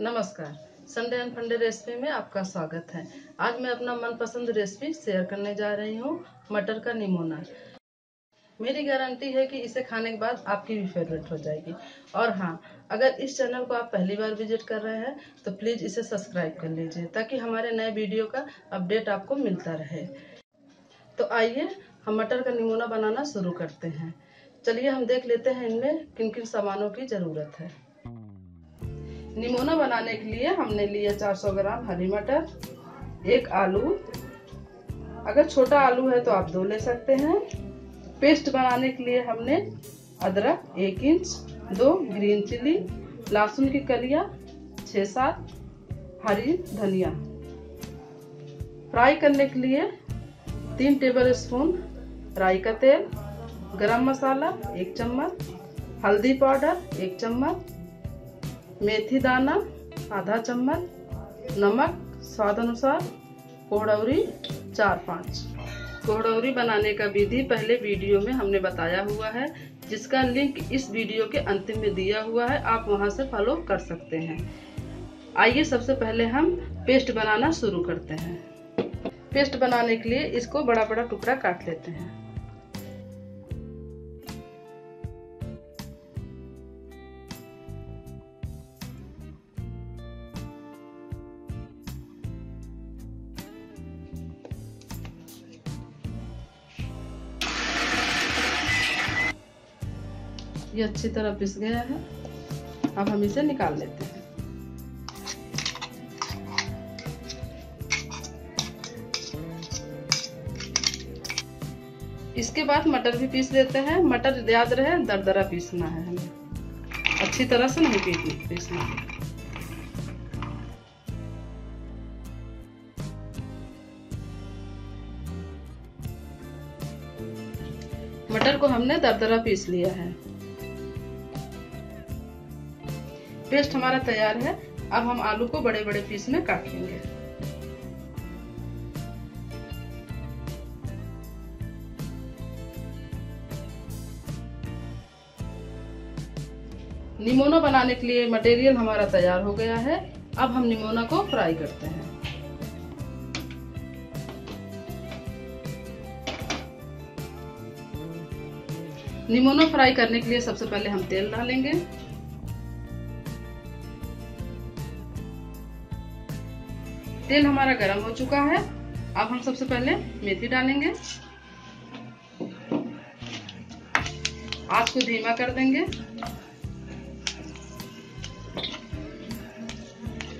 नमस्कार Sunday and funday recipe में आपका स्वागत है आज मैं अपना मनपसंद रेसिपी शेयर करने जा रही हूँ मटर का निमोना मेरी गारंटी है कि इसे खाने के बाद आपकी भी फेवरेट हो जाएगी और हाँ अगर इस चैनल को आप पहली बार विजिट कर रहे हैं तो प्लीज़ इसे सब्सक्राइब कर लीजिए ताकि हमारे नए वीडियो का अपडेट आपको मिलता रहे तो आइए हम मटर का निमोना बनाना शुरू करते हैं चलिए हम देख लेते हैं इनमें किन किन सामानों की ज़रूरत है निमोना बनाने के लिए हमने लिया 400 ग्राम हरी मटर एक आलू अगर छोटा आलू है तो आप दो ले सकते हैं पेस्ट बनाने के लिए हमने अदरक एक इंच दो ग्रीन चिली लहसुन की कलिया छः सात हरी धनिया फ्राई करने के लिए तीन टेबल स्पून राई का तेल गरम मसाला एक चम्मच हल्दी पाउडर एक चम्मच मेथी दाना आधा चम्मच नमक स्वाद अनुसार कोहड़ौरी चार पाँच कोहड़ौरी बनाने का विधि पहले वीडियो में हमने बताया हुआ है जिसका लिंक इस वीडियो के अंतिम में दिया हुआ है आप वहां से फॉलो कर सकते हैं आइए सबसे पहले हम पेस्ट बनाना शुरू करते हैं पेस्ट बनाने के लिए इसको बड़ा बड़ा टुकड़ा काट लेते हैं ये अच्छी तरह पिस गया है अब हम इसे निकाल लेते हैं इसके बाद मटर भी पीस लेते हैं मटर याद रहे दरदरा पीसना है हमें अच्छी तरह से नहीं पीसना पीसना है मटर को हमने दरदरा पीस लिया है पेस्ट हमारा तैयार है अब हम आलू को बड़े बड़े पीस में काट लेंगे निमोना बनाने के लिए मटेरियल हमारा तैयार हो गया है अब हम निमोना को फ्राई करते हैं निमोना फ्राई करने के लिए सबसे पहले हम तेल डालेंगे तेल हमारा गर्म हो चुका है अब हम सबसे पहले मेथी डालेंगे आज को धीमा कर देंगे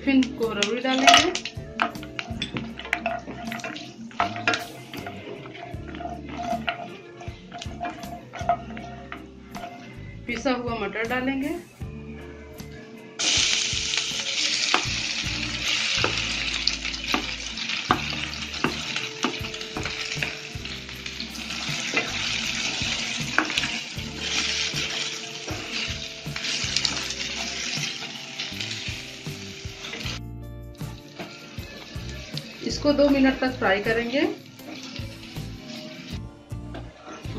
फिर को डालेंगे पिसा हुआ मटर डालेंगे इसको दो मिनट तक फ्राई करेंगे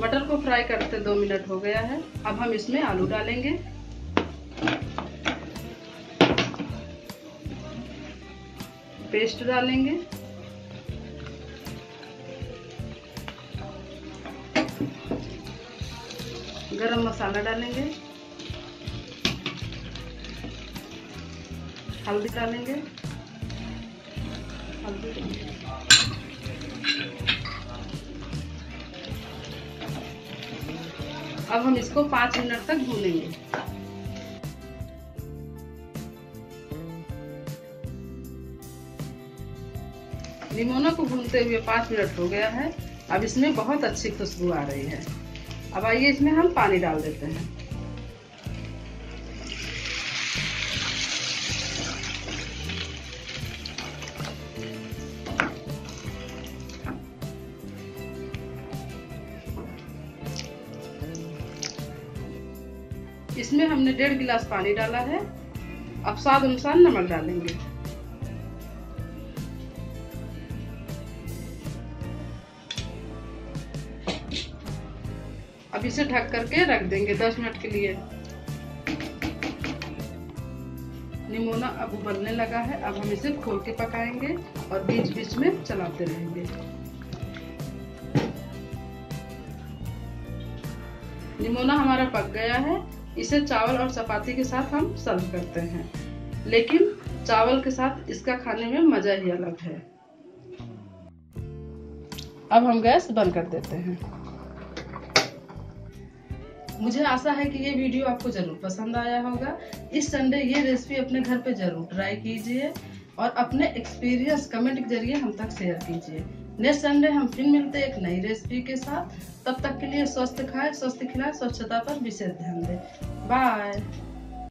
मटर को फ्राई करते दो मिनट हो गया है अब हम इसमें आलू डालेंगे पेस्ट डालेंगे गरम मसाला डालेंगे हल्दी डालेंगे अब हम इसको पांच मिनट तक भूनेंगे निमोना को भूनते हुए पांच मिनट हो गया है अब इसमें बहुत अच्छी खुशबू आ रही है अब आइए इसमें हम पानी डाल देते हैं इसमें हमने डेढ़ गिलास पानी डाला है अब स्वाद अनुसार नमक डालेंगे अब इसे ढक करके रख देंगे 10 मिनट के लिए निमोना अब उबलने लगा है अब हम इसे खोल के पकाएंगे और बीच बीच में चलाते रहेंगे निमोना हमारा पक गया है इसे चावल और चपाती के साथ हम सर्व करते हैं लेकिन चावल के साथ इसका खाने में मज़ा ही अलग है अब हम गैस बंद कर देते हैं मुझे आशा है कि ये वीडियो आपको जरूर पसंद आया होगा इस संडे ये रेसिपी अपने घर पे जरूर ट्राई कीजिए और अपने एक्सपीरियंस कमेंट के जरिए हम तक शेयर कीजिए नेक्स्ट संडे हम फिर मिलते हैं एक नई रेसिपी के साथ तब तक के लिए स्वस्थ खाए स्वस्थ खिलाए स्वच्छता पर विशेष ध्यान दें बाय